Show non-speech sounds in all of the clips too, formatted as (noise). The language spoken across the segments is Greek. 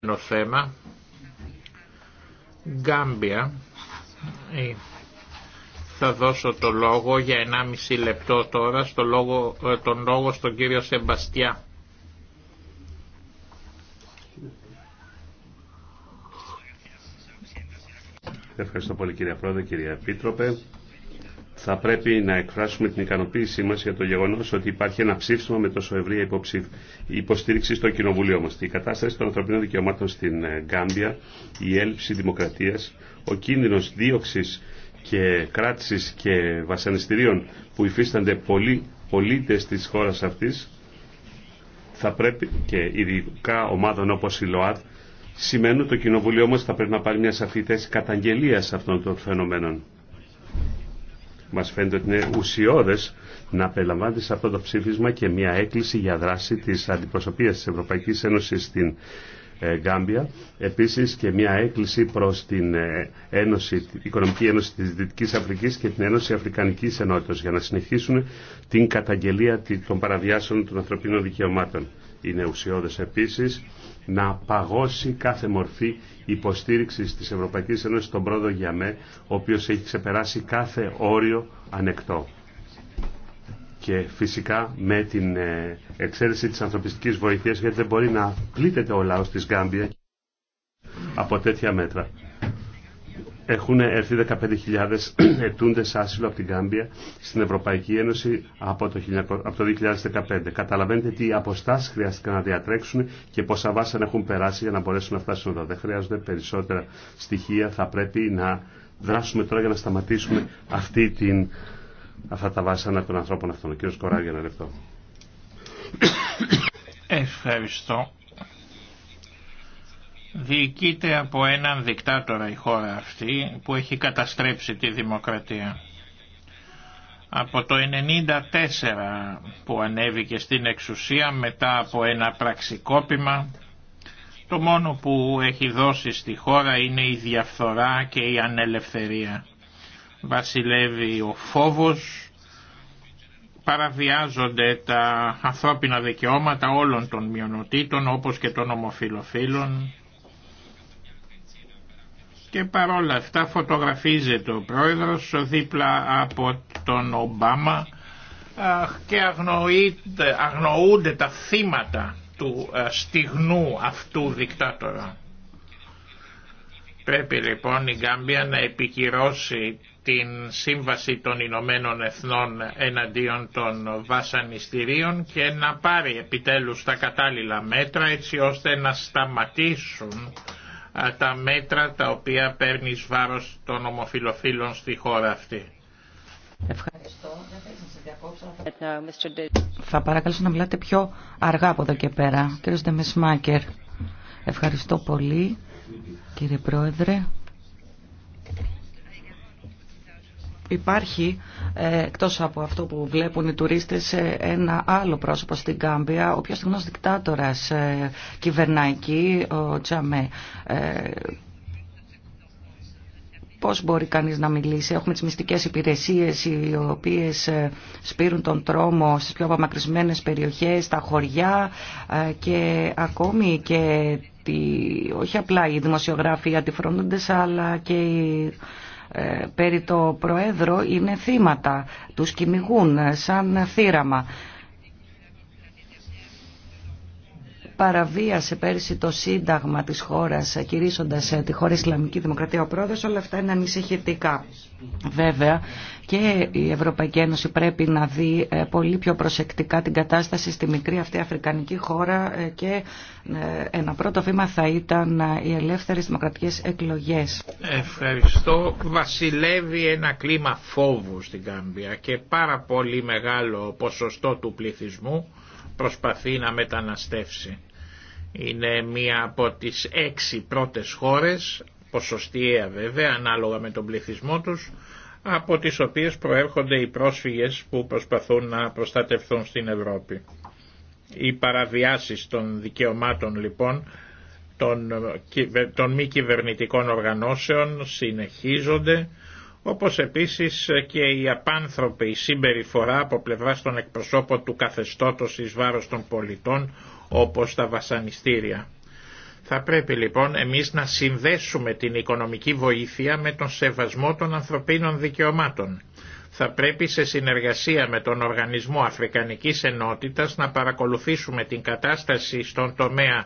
επόμενο θέμα Γκάμπια ε, θα δώσω το λόγο για 1,5 λεπτό τώρα στο λόγο, ε, τον λόγο στον κύριο Σεμπαστιά Ευχαριστώ πολύ κύριε Πρόεδρε, κύριε Επίτροπε θα πρέπει να εκφράσουμε την ικανοποίησή μας για το γεγονός ότι υπάρχει ένα ψήφισμα με τόσο ευρία υποστήριξη στο Κοινοβουλίο μας. Η κατάσταση των ανθρωπίνων δικαιωμάτων στην ε, Γκάμπια, η έλλειψη δημοκρατίας, ο κίνδυνος δίωξης και κράτησης και βασανιστήριων που υφίστανται πολλοί πολίτες της χώρας αυτής θα πρέπει και ειδικά ομάδων όπως η ΛΟΑΤ σημαίνουν το Κοινοβουλίο μας θα πρέπει να πάρει μια σαφή θέση καταγγελίας αυτών των φαινομένων. Μας φαίνεται ότι είναι ουσιώδες να περιλαμβάνεται σε αυτό το ψήφισμα και μια έκκληση για δράση της αντιπροσωπείας της Ευρωπαϊκής Ένωσης στην ε, Γκάμπια. Επίσης και μια έκκληση προς την ε, Ένωση, την Οικονομική Ένωση της Δυτικής Αφρικής και την Ένωση Αφρικανικής Ενότητας για να συνεχίσουν την καταγγελία των παραβιάσεων των ανθρωπίνων δικαιωμάτων. Είναι ουσιώδες επίσης να παγώσει κάθε μορφή υποστήριξης της Ευρωπαϊκής Ένωσης στον πρόεδρο Γιαμέ, ο οποίος έχει ξεπεράσει κάθε όριο ανεκτό. Και φυσικά με την ε, εξαίρεση της ανθρωπιστικής βοήθειας, γιατί δεν μπορεί να πλήτεται ο λαός της Γκάμπια από τέτοια μέτρα. Έχουν έρθει 15.000 (clears throat) ετούντε άσυλο από την Κάμπια στην Ευρωπαϊκή Ένωση από το 2015. Καταλαβαίνετε τι αποστάσεις χρειάστηκαν να διατρέξουν και πόσα βάσανα έχουν περάσει για να μπορέσουν να φτάσουν εδώ. Δεν χρειάζονται περισσότερα στοιχεία. Θα πρέπει να δράσουμε τώρα για να σταματήσουμε αυτή την, αυτά τα βάσανα των ανθρώπων αυτών. Ο κύριος Κοράγια, ένα λεπτό. Ευχαριστώ. Διοικείται από έναν δικτάτορα η χώρα αυτή που έχει καταστρέψει τη δημοκρατία. Από το 1994 που ανέβηκε στην εξουσία μετά από ένα πραξικόπημα το μόνο που έχει δώσει στη χώρα είναι η διαφθορά και η ανελευθερία. Βασιλεύει ο φόβος, παραβιάζονται τα ανθρώπινα δικαιώματα όλων των μειονοτήτων όπως και των ομοφιλοφίλων, και παρόλα αυτά φωτογραφίζεται ο πρόεδρος δίπλα από τον Ομπάμα και αγνοείται, αγνοούνται τα θύματα του στιγνού αυτού δικτάτορα. Πρέπει λοιπόν η Γκάμπια να επικυρώσει την Σύμβαση των Ηνωμένων Εθνών εναντίον των βασανιστήριων και να πάρει επιτέλους τα κατάλληλα μέτρα έτσι ώστε να σταματήσουν τα μέτρα τα οποία παίρνει βάρος των ομοφιλοφίλων στη χώρα αυτή. Ευχαριστώ. Θα παρακαλώ να μιλάτε πιο αργά από εδώ και πέρα. Κύριος Δεμεσμάκερ, ευχαριστώ πολύ κύριε Πρόεδρε. Υπάρχει, ε, εκτός από αυτό που βλέπουν οι τουρίστες, ε, ένα άλλο πρόσωπο στην Κάμπια, ο οποίος γνωστός δικτάτορας ε, κυβερναϊκή, ο Τζαμέ πώς μπορεί κανείς να μιλήσει. Έχουμε τις μυστικές υπηρεσίες οι οποίες σπείρουν τον τρόμο στις πιο απομακρυσμένες περιοχές, στα χωριά και ακόμη και τη, όχι απλά οι δημοσιογράφοι αλλά και οι ε, περί το Προέδρο είναι θύματα, τους κυνηγούν σαν θύραμα. παραβίασε πέρυσι το Σύνταγμα της χώρας κηρύσσοντας ε, τη χώρα Ισλαμική Δημοκρατία ο πρόεδρος, όλα αυτά είναι ανησυχητικά. Βέβαια και η Ευρωπαϊκή Ένωση πρέπει να δει ε, πολύ πιο προσεκτικά την κατάσταση στη μικρή αυτή αφρικανική χώρα ε, και ένα πρώτο βήμα θα ήταν οι ελεύθερες δημοκρατικές εκλογές. Ευχαριστώ. Βασιλεύει ένα κλίμα φόβου στην Κάμπια και πάρα πολύ μεγάλο ποσοστό του πληθυσμού προσπαθεί να μεταναστεύσει. Είναι μία από τις έξι πρώτες χώρες, ποσοστιαία βέβαια, ανάλογα με τον πληθυσμό τους, από τις οποίες προέρχονται οι πρόσφυγες που προσπαθούν να προστατευθούν στην Ευρώπη. Οι παραβιάσεις των δικαιωμάτων λοιπόν των, των μη κυβερνητικών οργανώσεων συνεχίζονται όπως επίσης και η απάνθρωπη συμπεριφορά από πλευρά των εκπροσώπων του καθεστώτος εις βάρος των πολιτών, όπως τα βασανιστήρια. Θα πρέπει λοιπόν εμείς να συνδέσουμε την οικονομική βοήθεια με τον σεβασμό των ανθρωπίνων δικαιωμάτων θα πρέπει σε συνεργασία με τον Οργανισμό Αφρικανικής Ενότητας να παρακολουθήσουμε την κατάσταση στον τομέα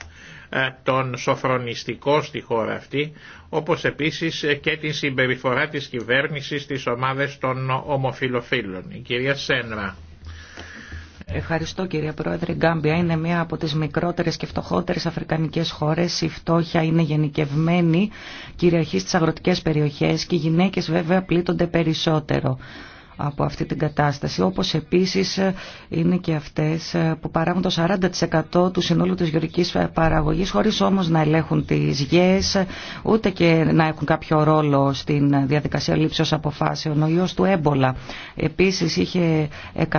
ε, των σοφρονιστικών στη χώρα αυτή, όπως επίσης ε, και την συμπεριφορά της κυβέρνησης στις ομάδες των ομοφιλοφίλων. Η κυρία Σένρα. Ευχαριστώ κυρία Πρόεδρε. Η Γκάμπια είναι μία από τις μικρότερες και φτωχότερες αφρικανικές χώρες. Η φτώχεια είναι γενικευμένη, κυριαρχεί στις αγροτικές περιοχές και οι γυναίκες βέβαια πλήττονται περισσότερο από αυτή την κατάσταση, όπως επίσης είναι και αυτές που παράγουν το 40% του συνόλου της γεωρικής παραγωγής, χωρίς όμως να ελέγχουν τις γιές, ούτε και να έχουν κάποιο ρόλο στην διαδικασία λήψεως αποφάσεων. Ο ιός του έμπολα επίσης είχε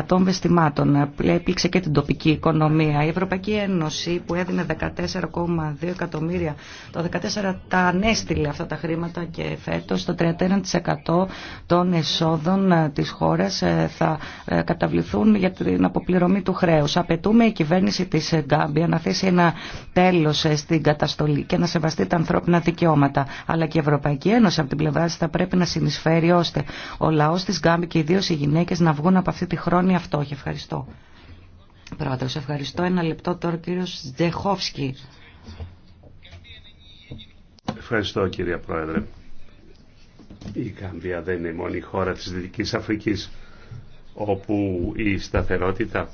100 βεστημάτων, έπληξε και την τοπική οικονομία. Η Ευρωπαϊκή Ένωση που έδινε 14,2 εκατομμύρια, το 14 τα ανέστηλε αυτά τα χρήματα και φέτος το 31% των εσόδων της χώρας ε, θα ε, καταβληθούν για την αποπληρωμή του χρέους. Απαιτούμε η κυβέρνηση της Γκάμπια να θέσει ένα τέλος ε, στην καταστολή και να σεβαστεί τα ανθρώπινα δικαιώματα. Αλλά και η Ευρωπαϊκή Ένωση από την πλευρά της θα πρέπει να συνεισφέρει ώστε ο λαός της Γκάμπη και ιδίω οι γυναίκες να βγουν από αυτή τη χρόνια αυτό. Ευχαριστώ. Πρόεδρος, ευχαριστώ. Ένα λεπτό τώρα ο κύριος Τζεχόφσκι. Ευχαριστώ κύριε Πρόεδρε. Η Κάμπια δεν είναι η μόνη χώρα της Δυτικής Αφρικής όπου η σταθερότητα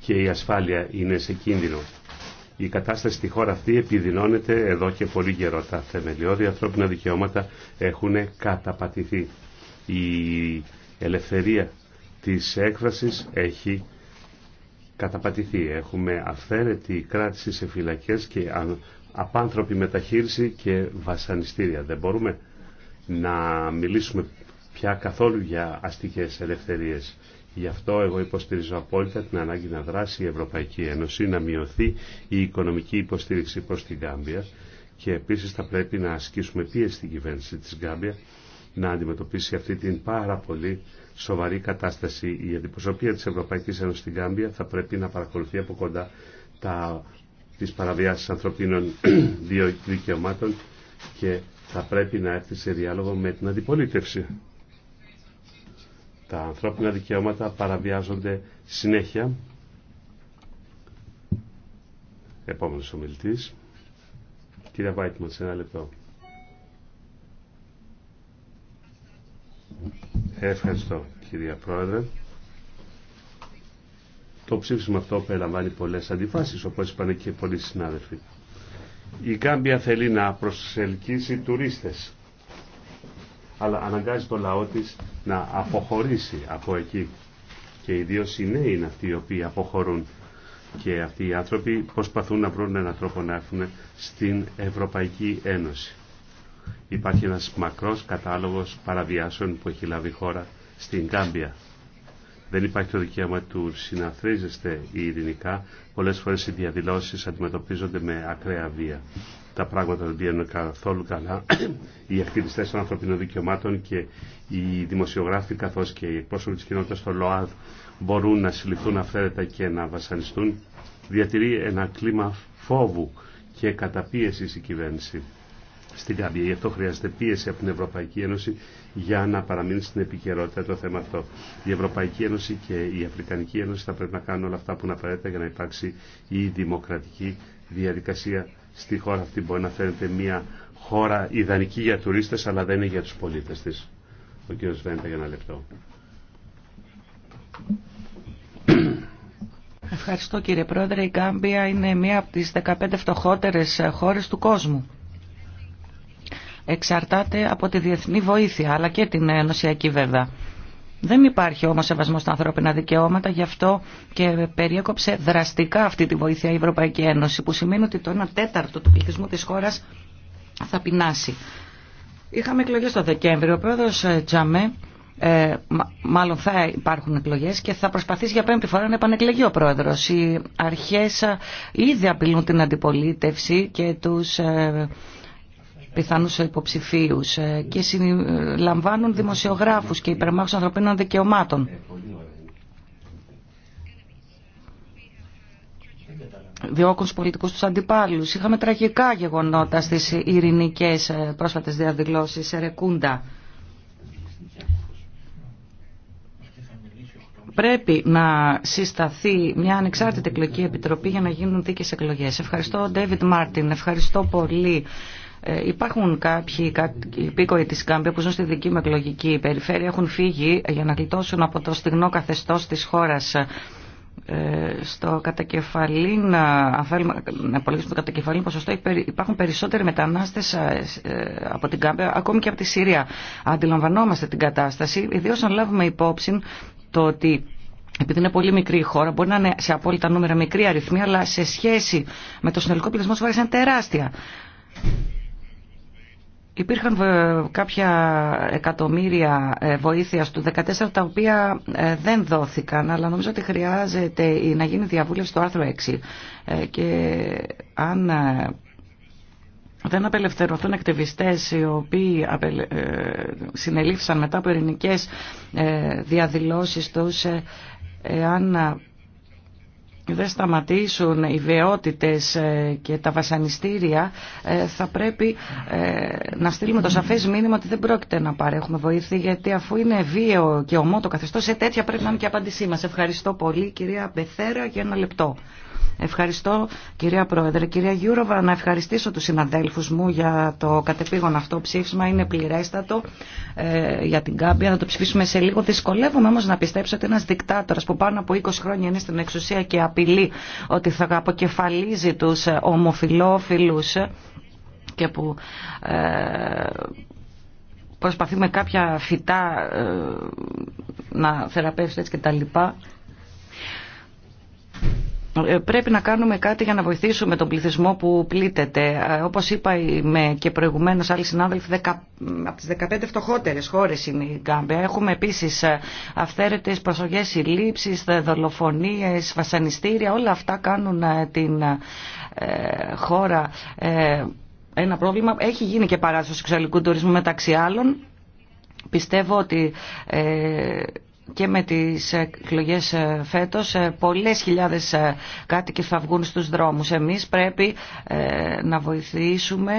και η ασφάλεια είναι σε κίνδυνο. Η κατάσταση στη χώρα αυτή επιδεινώνεται εδώ και πολύ καιρό. Τα θεμελιώδη ανθρώπινα δικαιώματα έχουν καταπατηθεί. Η ελευθερία της έκφρασης έχει καταπατηθεί. Έχουμε αυθαίρετη κράτηση σε φυλακές και απάνθρωπη μεταχείριση και βασανιστήρια. Δεν μπορούμε να μιλήσουμε πια καθόλου για αστικές ελευθερίες. Γι' αυτό εγώ υποστηρίζω απόλυτα την ανάγκη να δράσει η Ευρωπαϊκή Ένωση, να μειωθεί η οικονομική υποστήριξη προς την Γάμπια και επίσης θα πρέπει να ασκήσουμε πίεση στην κυβέρνηση της Γάμπια να αντιμετωπίσει αυτή την πάρα πολύ σοβαρή κατάσταση. Η αντιπροσωπεία της Ευρωπαϊκής Ένωσης στην Γάμπια θα πρέπει να παρακολουθεί από κοντά τα, τις παραβιάσεις ανθρωπίνων (clears throat) δικαιωμάτων και θα πρέπει να έρθει σε διάλογο με την αντιπολίτευση. Τα ανθρώπινα δικαιώματα παραβιάζονται συνέχεια. Επόμενος ομιλητής. Κύριε Βάιτμαν, σε ένα λεπτό. Ευχαριστώ, κυρία Πρόεδρε. Το ψήφισμα αυτό περιλαμβάνει πολλές αντιφάσεις, όπως είπαν και πολλοί συνάδελφοι. Η Γκάμπια θέλει να προσελκύσει τουρίστες, αλλά αναγκάζει το λαό της να αποχωρήσει από εκεί. Και ιδίως οι νέοι είναι αυτοί οι οποίοι αποχωρούν και αυτοί οι άνθρωποι προσπαθούν να βρουν έναν τρόπο να έρθουν στην Ευρωπαϊκή Ένωση. Υπάρχει ένας μακρός κατάλογος παραβιάσεων που έχει λάβει η χώρα στην Κάμπια. Δεν υπάρχει το δικαίωμα του συναθρίζεστε ειρηνικά. Πολλές φορές οι διαδηλώσεις αντιμετωπίζονται με ακραία βία. Τα πράγματα δεν πηγαίνουν καθόλου καλά. Οι ακτιβιστές των ανθρωπίνων δικαιωμάτων και οι δημοσιογράφοι καθώς και οι εκπρόσωποι της κοινότητας στο ΛΟΑΔ μπορούν να συλληφθούν αυθαίρετα και να βασανιστούν. Διατηρεί ένα κλίμα φόβου και καταπίεση η κυβέρνηση στην Γάμπια. Γι' αυτό χρειάζεται πίεση από την Ευρωπαϊκή Ένωση για να παραμείνει στην επικαιρότητα το θέμα αυτό. Η Ευρωπαϊκή Ένωση και η Αφρικανική Ένωση θα πρέπει να κάνουν όλα αυτά που είναι απαραίτητα για να υπάρξει η δημοκρατική διαδικασία στη χώρα αυτή. Μπορεί να φαίνεται μια χώρα ιδανική για τουρίστε, αλλά δεν είναι για του πολίτε τη. Ο κ. Βέντα για ένα λεπτό. Ευχαριστώ κύριε Πρόεδρε. Η Γκάμπια είναι μία από τις 15 φτωχότερες χώρες του κόσμου εξαρτάται από τη διεθνή βοήθεια αλλά και την ενωσιακή βέβαια. Δεν υπάρχει όμως σεβασμό στα ανθρώπινα δικαιώματα, γι' αυτό και περιέκοψε δραστικά αυτή τη βοήθεια η Ευρωπαϊκή Ένωση, που σημαίνει ότι το 1 τέταρτο του πληθυσμού της χώρας θα πεινάσει. Είχαμε εκλογές το Δεκέμβριο. Ο πρόεδρος ε, Τζαμέ ε, μάλλον θα υπάρχουν εκλογές και θα προσπαθήσει για πέμπτη φορά να επανεκλεγεί ο πρόεδρο. Οι αρχέ ε, ήδη απειλούν την αντιπολίτευση και του ε, πιθανούς υποψηφίους ε, και συλλαμβάνουν δημοσιογράφους και υπερμάχους ανθρωπίνων δικαιωμάτων. διώκουν στους πολιτικούς του αντιπάλου. Είχαμε τραγικά γεγονότα στις ειρηνικές ε, πρόσφατες διαδηλώσει σε Ρεκούντα. Πρέπει να συσταθεί μια ανεξάρτητη εκλογική επιτροπή για να γίνουν δίκαιες εκλογές. Ευχαριστώ, David Μάρτιν. Ευχαριστώ πολύ. Ε, υπάρχουν κάποιοι υπήκοοι τη Γκάμπια που ζουν στη δική μου εκλογική περιφέρεια, έχουν φύγει ε, για να γλιτώσουν από το στιγνό καθεστώς της χώρας ε, στο κατακεφαλήν, αν θέλουμε να υπολογίσουμε το κατακεφαλήν ποσοστό, υπάρχουν περισσότεροι μετανάστες από την Κάμπια, ακόμη και από τη Συρία. Αντιλαμβανόμαστε την κατάσταση, ιδίω αν λάβουμε υπόψη το ότι επειδή είναι πολύ μικρή η χώρα, μπορεί να είναι σε απόλυτα νούμερα μικρή αριθμή, αλλά σε σχέση με το συνολικό πληθυσμό τη χώρα είναι τεράστια. Υπήρχαν ε, κάποια εκατομμύρια ε, βοήθειας του 14 τα οποία ε, δεν δόθηκαν αλλά νομίζω ότι χρειάζεται να γίνει διαβούλευση στο άρθρο 6 και αν δεν απελευθερωθούν εκτεβιστές οι οποίοι συνελήφθησαν μετά από ειρηνικές διαδηλώσεις τους αν δεν σταματήσουν οι βεότητες ε, και τα βασανιστήρια, ε, θα πρέπει ε, να στείλουμε το σαφές μήνυμα ότι δεν πρόκειται να παρέχουμε βοήθεια, γιατί αφού είναι βίαιο και ομό το καθεστώς, σε τέτοια πρέπει να είναι και απάντησή μας. Ευχαριστώ πολύ κυρία Μπεθέρα για ένα λεπτό. Ευχαριστώ κυρία Πρόεδρε. Κυρία Γιούροβα, να ευχαριστήσω τους συναδέλφους μου για το κατεπήγον αυτό ψήφισμα. Είναι πληρέστατο ε, για την Κάμπια, να το ψηφίσουμε σε λίγο. Δυσκολεύομαι όμως να πιστέψω ότι ένας δικτάτορας που πάνω από 20 χρόνια είναι στην εξουσία και απειλεί ότι θα αποκεφαλίζει τους ε, ομοφιλόφιλους και που ε, προσπαθεί με κάποια φυτά ε, να θεραπεύσει έτσι και τα λοιπά πρέπει να κάνουμε κάτι για να βοηθήσουμε τον πληθυσμό που πλήττεται. Ε, όπως είπα με και προηγουμένως άλλοι συνάδελφοι, από τις 15 φτωχότερες χώρες είναι η Γκάμπια. Έχουμε επίσης ε, αυθαίρετες προσοχές συλλήψεις, δολοφονίες, βασανιστήρια. Όλα αυτά κάνουν ε, την χώρα ένα πρόβλημα. Έχει γίνει και παράδοση σεξουαλικού τουρισμού μεταξύ άλλων. Πιστεύω ότι και με τις εκλογέ ε, φέτος ε, πολλές χιλιάδες ε, κάτοικοι θα βγουν στους δρόμους. Εμείς πρέπει να βοηθήσουμε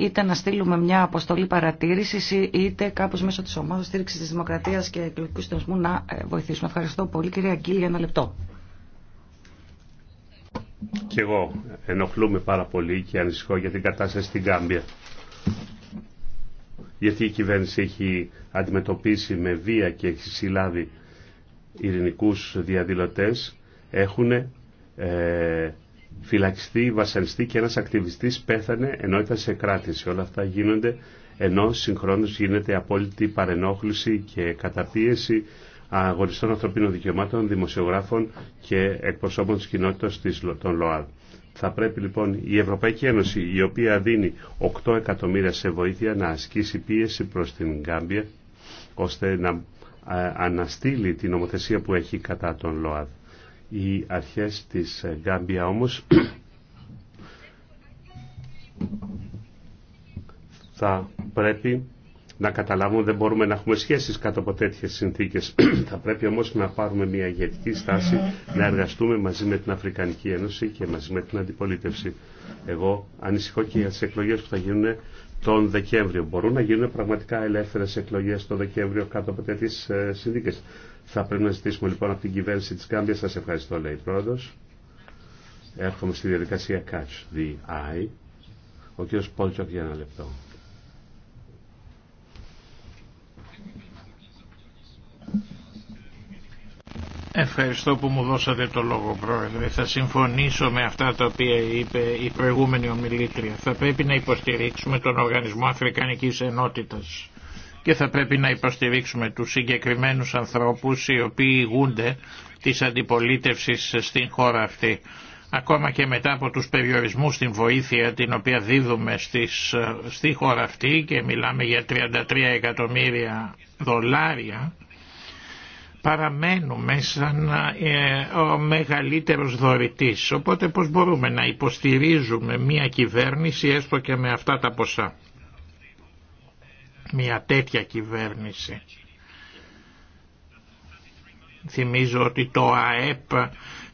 είτε να στείλουμε μια αποστολή παρατήρησης είτε κάπως μέσω της ομάδας στήριξης της Δημοκρατίας και εκλογικού συντονισμού να βοηθήσουμε. Ευχαριστώ πολύ κυρία Αγγίλη για ένα λεπτό. Κι εγώ ενοχλούμε πάρα πολύ και ανησυχώ για την κατάσταση στην Κάμπια γιατί η κυβέρνηση έχει αντιμετωπίσει με βία και έχει συλλάβει ειρηνικούς διαδηλωτές, έχουν ε, βασανιστεί και ένας ακτιβιστής πέθανε ενώ ήταν σε κράτηση. Όλα αυτά γίνονται ενώ συγχρόνως γίνεται απόλυτη παρενόχληση και καταπίεση αγοριστών ανθρωπίνων δικαιωμάτων, δημοσιογράφων και εκπροσώπων της κοινότητας των ΛΟΑΔ. Θα πρέπει λοιπόν η Ευρωπαϊκή Ένωση, η οποία δίνει 8 εκατομμύρια σε βοήθεια, να ασκήσει πίεση προς την Γκάμπια, ώστε να ε, αναστείλει την νομοθεσία που έχει κατά τον ΛΟΑΔ. Οι αρχές της ε, Γκάμπια όμως θα πρέπει να καταλάβουν δεν μπορούμε να έχουμε σχέσεις κάτω από τέτοιες συνθήκες. (clears throat) Θα πρέπει όμως να πάρουμε μια ηγετική στάση, να εργαστούμε μαζί με την Αφρικανική Ένωση και μαζί με την αντιπολίτευση. Εγώ ανησυχώ και για τις εκλογές που θα γίνουν τον Δεκέμβριο. Μπορούν να γίνουν πραγματικά ελεύθερες εκλογές τον Δεκέμβριο κάτω από τέτοιες ε, συνθήκες. Θα πρέπει να ζητήσουμε λοιπόν από την κυβέρνηση της Κάμπιας. Σας ευχαριστώ λέει πρόεδρος. Έρχομαι στη διαδικασία Catch the Eye. Ο κύριος Πόλτσοκ για ένα λεπτό. Ευχαριστώ που μου δώσατε το λόγο πρόεδρε. Θα συμφωνήσω με αυτά τα οποία είπε η προηγούμενη ομιλήτρια. Θα πρέπει να υποστηρίξουμε τον Οργανισμό Αφρικανικής Ενότητας και θα πρέπει να υποστηρίξουμε τους συγκεκριμένους ανθρώπους οι οποίοι ηγούνται της αντιπολίτευσης στην χώρα αυτή. Ακόμα και μετά από τους περιορισμούς στην βοήθεια την οποία δίδουμε στις, στη χώρα αυτή και μιλάμε για 33 εκατομμύρια δολάρια παραμένουμε σαν ε, ο μεγαλύτερος δωρητής. Οπότε πώς μπορούμε να υποστηρίζουμε μια κυβέρνηση έστω και με αυτά τα ποσά. Μια τέτοια κυβέρνηση. Θυμίζω ότι το ΑΕΠ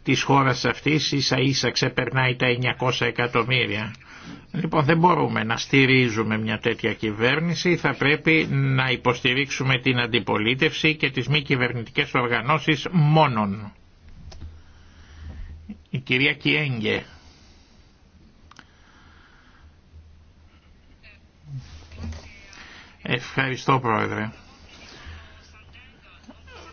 της χώρας αυτής ίσα ίσα ξεπερνάει τα 900 εκατομμύρια. Λοιπόν δεν μπορούμε να στηρίζουμε μια τέτοια κυβέρνηση, θα πρέπει να υποστηρίξουμε την αντιπολίτευση και τις μη κυβερνητικέ οργανώσεις μόνον. Η κυρία Κιέγγε. Ευχαριστώ πρόεδρε.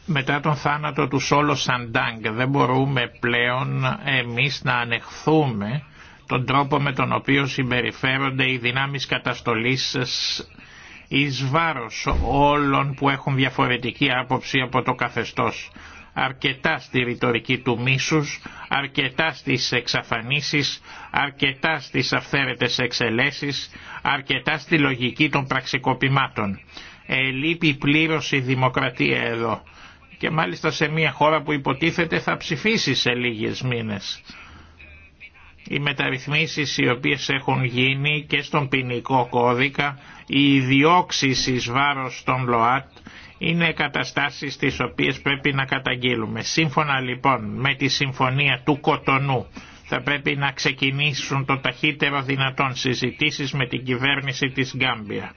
Μετά τον θάνατο του Σόλο Σαντάγκ δεν μπορούμε πλέον εμείς να ανεχθούμε τον τρόπο με τον οποίο συμπεριφέρονται οι δυνάμεις καταστολής εις βάρος όλων που έχουν διαφορετική άποψη από το καθεστώς. Αρκετά στη ρητορική του μίσους, αρκετά στις εξαφανίσεις, αρκετά στις αυθαίρετες εξελέσεις, αρκετά στη λογική των πραξικοπημάτων. Ελείπει πλήρως η δημοκρατία εδώ και μάλιστα σε μια χώρα που υποτίθεται θα ψηφίσει σε λίγες μήνες οι μεταρρυθμίσεις οι οποίες έχουν γίνει και στον ποινικό κώδικα, οι διώξεις εις βάρος των ΛΟΑΤ είναι καταστάσεις τις οποίες πρέπει να καταγγείλουμε. Σύμφωνα λοιπόν με τη συμφωνία του Κοτονού θα πρέπει να ξεκινήσουν το ταχύτερο δυνατόν συζητήσεις με την κυβέρνηση της Γκάμπια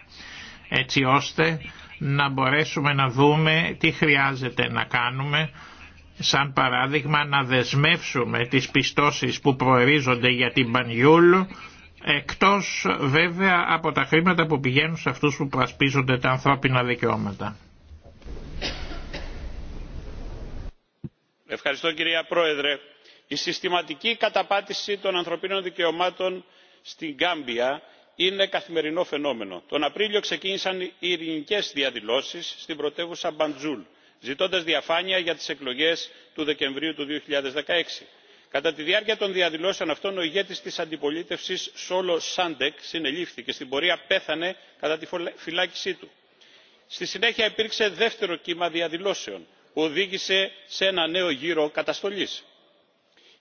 έτσι ώστε να μπορέσουμε να δούμε τι χρειάζεται να κάνουμε σαν παράδειγμα να δεσμεύσουμε τις πιστώσεις που προερίζονται για την Πανιούλ εκτός βέβαια από τα χρήματα που πηγαίνουν σε αυτούς που προασπίζονται τα ανθρώπινα δικαιώματα. Ευχαριστώ κυρία Πρόεδρε. Η συστηματική καταπάτηση των ανθρωπίνων δικαιωμάτων στην Γκάμπια είναι καθημερινό φαινόμενο. Τον Απρίλιο ξεκίνησαν οι ειρηνικέ διαδηλώσεις στην πρωτεύουσα Μπαντζούλ ζητώντας διαφάνεια για τις εκλογές του δεκεμβρίου του. 2016. κατά τη διάρκεια των διαδηλώσεων αυτών ο ηγέτης της αντιπολίτευσης σόλο σάντεκ συνελήφθη και στην πορεία πέθανε κατά τη φυλάκισή του. στη συνέχεια υπήρξε δεύτερο κύμα διαδηλώσεων που οδήγησε σε ένα νέο γύρο καταστολής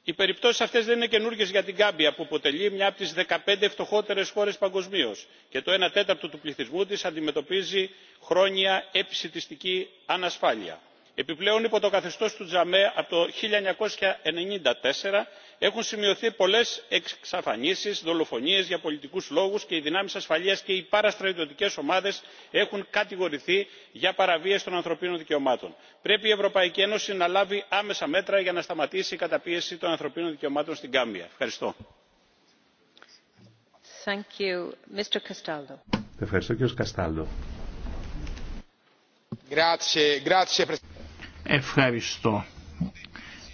οι περιπτώσει αυτέ δεν είναι καινούργιε για την γκάμπια που αποτελεί μια από τι δεκαπέντε φτωχότερε χώρε παγκοσμίω και το ένα τέταρτο του πληθυσμού τη αντιμετωπίζει χρόνια επισιτιστική ανασφάλεια. επιπλέον υπό το καθεστώ του τζαμέ από το 1994 έχουν σημειωθεί πολλές εξαφανίσεις δολοφονίες για πολιτικού λόγου και οι δυνάμεις ασφαλείας και οι παραστρατιωτικές ομάδε έχουν κατηγορηθεί για παραβίαση των ανθρωπίνων δικαιωμάτων. πρέπει η ευρωπαϊκή ένωση να λάβει άμεσα μέτρα για να σταματήσει η καταπίεση των ανθρωπίνων δικαιωμάτων στην γάμπια. Ευχαριστώ.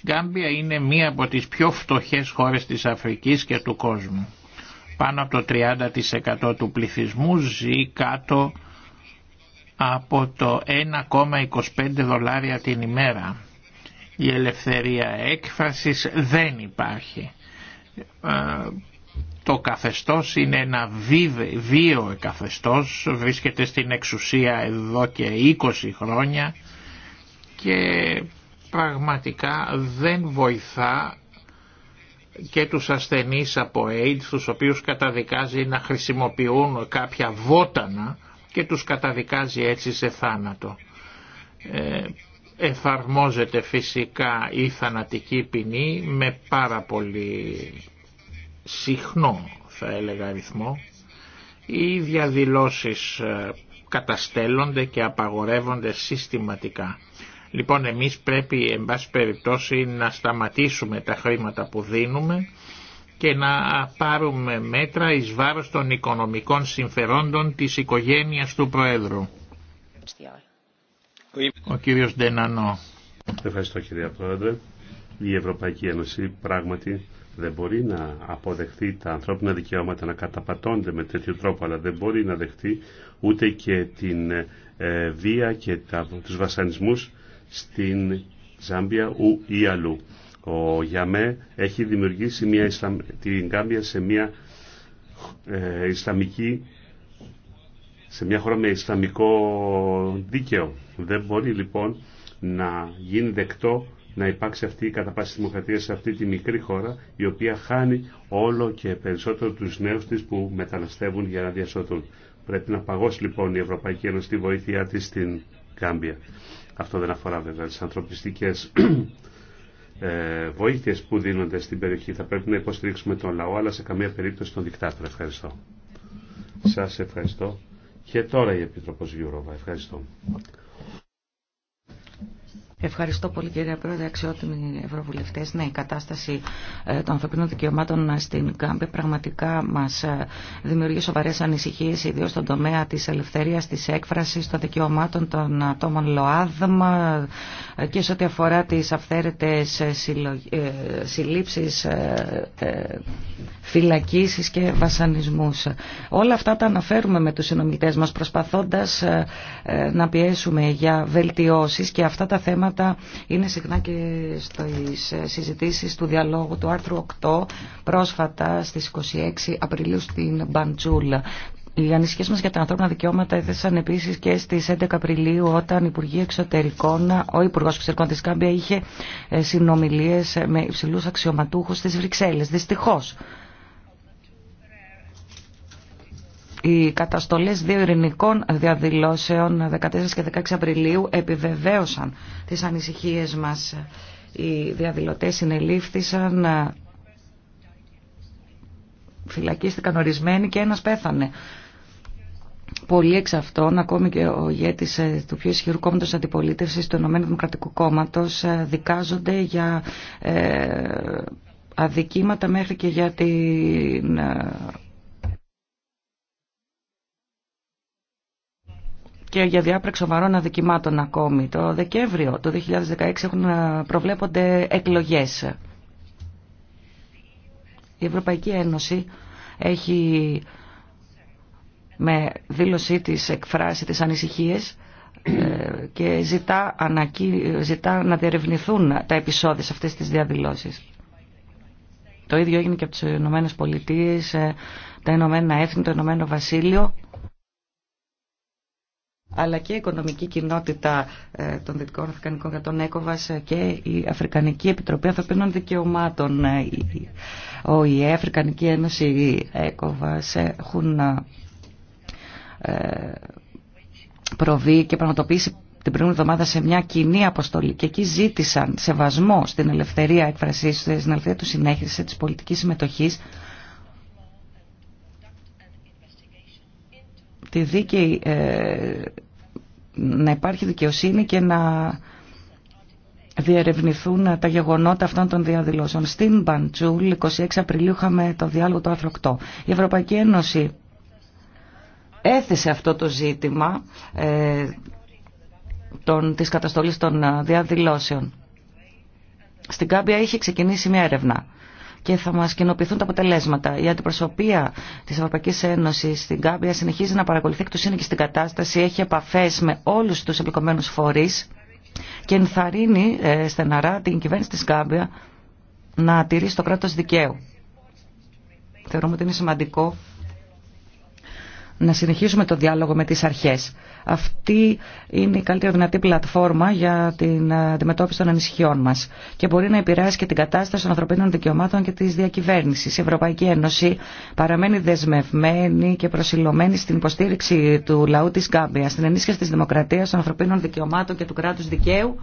Γκάμπια είναι μία από τις πιο φτωχές χώρες της Αφρικής και του κόσμου. Πάνω από το 30% του πληθυσμού ζει κάτω από το 1,25 δολάρια την ημέρα. Η ελευθερία έκφρασης δεν υπάρχει. Ε, το καθεστώς είναι ένα βίο καθεστώς, βρίσκεται στην εξουσία εδώ και 20 χρόνια και πραγματικά δεν βοηθά και τους ασθενείς από AIDS, τους οποίους καταδικάζει να χρησιμοποιούν κάποια βότανα και τους καταδικάζει έτσι σε θάνατο. Ε, εφαρμόζεται φυσικά η θανατική ποινή με πάρα πολύ συχνό θα έλεγα ρυθμό. Οι διαδηλώσεις ε, καταστέλλονται και απαγορεύονται συστηματικά. Λοιπόν εμείς πρέπει εν πάση περιπτώσει να σταματήσουμε τα χρήματα που δίνουμε και να πάρουμε μέτρα εις βάρος των οικονομικών συμφερόντων της οικογένειας του Προέδρου. Ο κύριος Ντενανό. Ευχαριστώ κύριε Πρόεδρε. Η Ευρωπαϊκή Ένωση πράγματι δεν μπορεί να αποδεχθεί τα ανθρώπινα δικαιώματα να καταπατώνται με τέτοιο τρόπο, αλλά δεν μπορεί να δεχτεί ούτε και την ε, βία και τα, τους βασανισμούς στην Ζάμπια ου ή αλλού. Ο Γιαμέ έχει δημιουργήσει μια Ισλαμ... την Κάμπια σε μια ε, σε μια χώρα με Ισλαμικό δίκαιο. Δεν μπορεί λοιπόν να γίνει δεκτό να υπάρξει αυτή η καταπάση δημοκρατία σε αυτή τη μικρή χώρα η οποία χάνει όλο και περισσότερο τους νέους της που μεταναστεύουν για να διασωθούν. Πρέπει να παγώσει λοιπόν η Ευρωπαϊκή Ένωση τη βοήθειά της στην Κάμπια. Αυτό δεν αφορά βέβαια τις ανθρωπιστικές ε, βοήθειες που δίνονται στην περιοχή. Θα πρέπει να υποστηρίξουμε τον λαό, αλλά σε καμία περίπτωση τον δικτάτορα. Ευχαριστώ. Σας ευχαριστώ. Και τώρα η Επίτροπος Γιούροβα. Ευχαριστώ. Ευχαριστώ πολύ κύριε Πρόεδρε, αξιότιμοι Ευρωβουλευτέ. Ναι, η κατάσταση ε, των ανθρωπίνων δικαιωμάτων ε, στην Κάμπε πραγματικά μα ε, δημιουργεί σοβαρέ ανησυχίε, ιδίω στον τομέα τη ελευθερία τη έκφραση, των δικαιωμάτων των ατόμων ΛΟΑΔΜΑ και σε ό,τι αφορά τι αυθαίρετε συλλήψει, φυλακίσει και βασανισμού. Όλα αυτά τα αναφέρουμε με του συνομιλητέ μα, προσπαθώντα να πιέσουμε για βελτιώσει και αυτά τα θέματα είναι συχνά και στις συζητήσεις του διαλόγου του άρθρου 8 πρόσφατα στις 26 Απριλίου στην Μπαντζούλα. Οι ανησυχίε μας για τα ανθρώπινα δικαιώματα έθεσαν επίσης και στις 11 Απριλίου, όταν η Εξωτερικών, ο Υπουργό Εξωτερικών της Κάμπια, είχε ε, συνομιλίες με υψηλούς αξιωματούχους στις Βρυξέλλες. Δυστυχώ, Οι καταστολές δύο ειρηνικών διαδηλώσεων 14 και 16 Απριλίου επιβεβαίωσαν τις ανησυχίες μας. Οι διαδηλωτές συνελήφθησαν, φυλακίστηκαν ορισμένοι και ένας πέθανε. Πολλοί εξ αυτών, ακόμη και ο ηγέτης ε, του πιο ισχυρού κόμματος αντιπολίτευσης του Ενωμένου Κόμματος, ε, δικάζονται για ε, αδικήματα μέχρι και για την και για διάπραξη σοβαρών αδικημάτων ακόμη. Το Δεκέμβριο του 2016 έχουν ε, προβλέπονται εκλογές. Η Ευρωπαϊκή Ένωση έχει με δήλωσή της εκφράσει τις ανησυχίες ε, και ζητά, ζητά να διερευνηθούν τα επεισόδια σε αυτές τις διαδηλώσεις. Το ίδιο έγινε και από τις Ηνωμένε Πολιτείες, ε, τα Ηνωμένα Έθνη, το Ηνωμένο Βασίλειο αλλά και η οικονομική κοινότητα ε, των Δυτικών Αφρικανικών Κρατών ΕΚΟΒΑΣ ε, και η Αφρικανική Επιτροπή Ανθρωπίνων Δικαιωμάτων, ε, ο ΙΕ, η Αφρικανική Ένωση, η ΕΚΟΒΑΣ έχουν προβεί και πραγματοποιήσει την προηγούμενη εβδομάδα σε μια κοινή αποστολή και εκεί ζήτησαν σεβασμό στην ελευθερία εκφρασής, στην ελευθερία του συνέχιση της πολιτικής συμμετοχής τη δίκαιη, ε, να υπάρχει δικαιοσύνη και να διερευνηθούν τα γεγονότα αυτών των διαδηλώσεων. Στην Μπαντζούλ, 26 Απριλίου, είχαμε το διάλογο του άρθρου Η Ευρωπαϊκή Ένωση έθεσε αυτό το ζήτημα ε, των, της καταστολής των ε, διαδηλώσεων. Στην Κάμπια είχε ξεκινήσει μια έρευνα και θα μας κοινοποιηθούν τα αποτελέσματα. Η αντιπροσωπεία της Ευρωπαϊκής Ένωσης στην Κάμπια συνεχίζει να παρακολουθεί εκ του και στην κατάσταση, έχει επαφές με όλους τους εμπλεκομένους φορείς και ενθαρρύνει ε, στεναρά την κυβέρνηση της Κάμπια να τηρήσει το κράτος δικαίου. Θεωρούμε ότι είναι σημαντικό να συνεχίσουμε το διάλογο με τις αρχές. Αυτή είναι η καλύτερη δυνατή πλατφόρμα για την αντιμετώπιση των ανησυχιών μας και μπορεί να επηρεάσει και την κατάσταση των ανθρωπίνων δικαιωμάτων και της διακυβέρνησης. Η Ευρωπαϊκή Ένωση παραμένει δεσμευμένη και προσιλωμένη στην υποστήριξη του λαού της Γκάμπια, στην ενίσχυση της δημοκρατίας, των ανθρωπίνων δικαιωμάτων και του κράτους δικαίου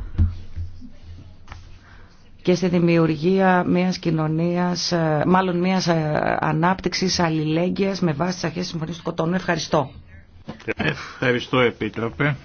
και στη δημιουργία μιας κοινωνίας, ε, μάλλον μιας ε, ανάπτυξης αλληλέγγυας με βάση τις αρχές συμφωνίας του Κοτώνου. Ευχαριστώ. Ευχαριστώ Επίτροπε.